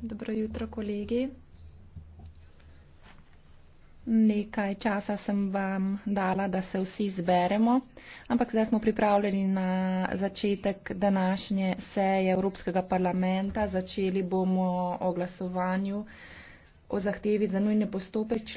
Dobro jutro, kolegi. Nekaj časa sem vam dala, da se vsi zberemo, ampak zdaj smo pripravljeni na začetek današnje seje Evropskega parlamenta. Začeli bomo o glasovanju o zahtevi za nujne postopek.